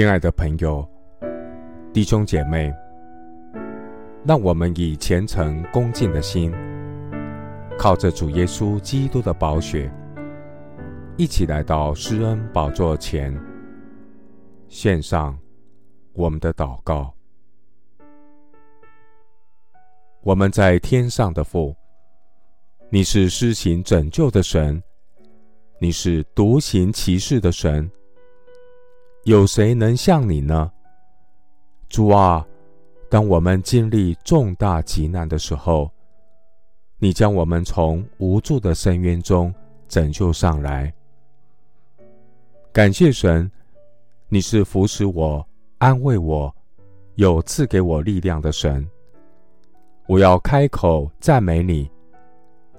親愛的朋友、弟兄姐妹，讓我們以虔誠恭敬的心，靠着主耶穌基督的寶血，一起來到施恩寶座前，獻上我們的禱告。我們在天上的父，你是施行拯救的神，你是獨行其事的神。有誰能像你呢？主啊！當我們經歷重大急難的時候，你將我們從無助的深淵中拯救上來。感謝神，你是扶持我、安慰我、又賜給我力量的神。我要開口讚美你，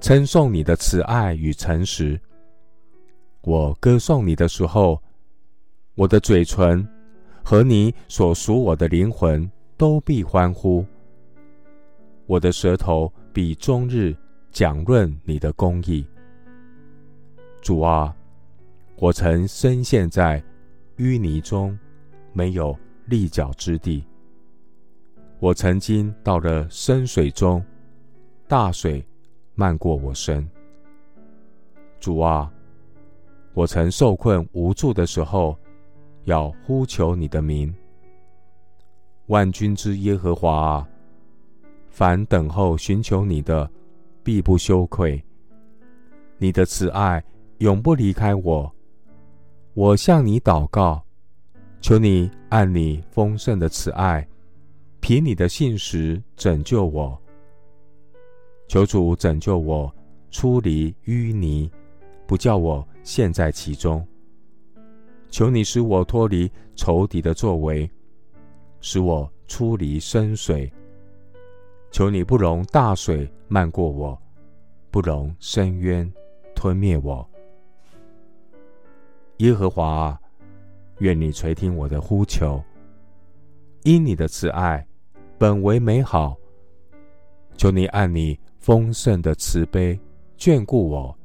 稱頌你的慈愛與誠實。我歌頌你的時候，我的嘴唇和你所贖我的靈魂都必歡呼。我的舌頭必終日講論你的公義。主啊，我曾深陷，陷在淤泥中，沒有立腳之地。我曾經到了深水中，大水漫過我身。主啊，我曾受困無助的時候，要呼求你的名，萬軍之耶和華啊！凡等候尋求你的，必不羞愧。你的慈愛永不離開我。我向你禱告，求你按你豐盛的慈愛，憑你的信實拯救我。求主拯救我，出離淤泥，不叫我陷在其中。求你使我脫離仇敵的作為，使我出離深水。求你不容大水漫過我，不容深淵吞滅我。耶和華啊，願你垂聽我的呼求。因你的慈愛本為美好，求你按你豐盛的慈悲眷顧我。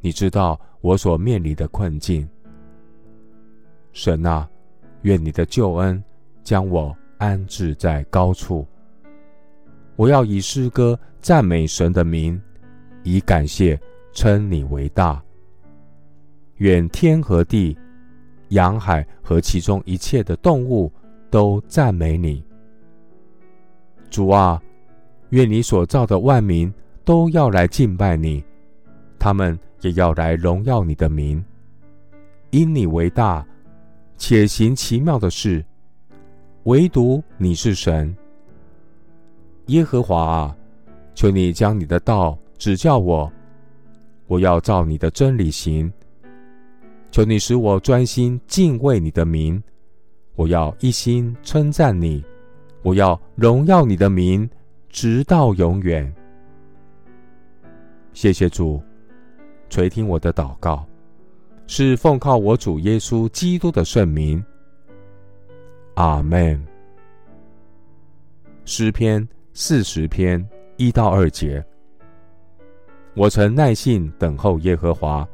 你知道我所面臨的困境。神啊，願你的救恩將我安置在高處。我要以詩歌讚美神的名，以感謝稱你為大。願天和地、洋海和其中一切的動物都讚美你。主啊，願你所造的萬民都要來敬拜你，他們也要來榮耀你的名，因你為大。且行奇妙的事，唯獨你是神，耶和華啊，求你將你的道指教我，我要照你的真理行。求你使我專心敬畏你的名，我要一心稱讚你，我要榮耀你的名，直到永遠。謝謝主，垂聽我的禱告。是奉靠我主耶穌基督的聖名，阿門。詩篇四十篇一到二節：我曾耐性等候耶和華，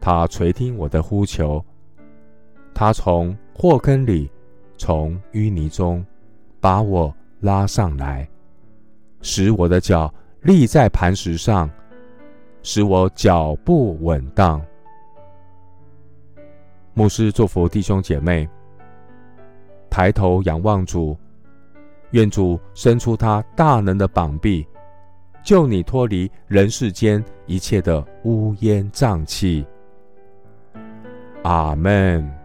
他垂聽我的呼求。他從禍坑裡，從淤泥中，把我拉上來，使我的腳立在磐石上，使我腳步穩當。牧師祝福弟兄姊妹，抬頭仰望主，願主伸出他大能的膀臂，救你脫離人世間一切的烏煙瘴氣。阿們。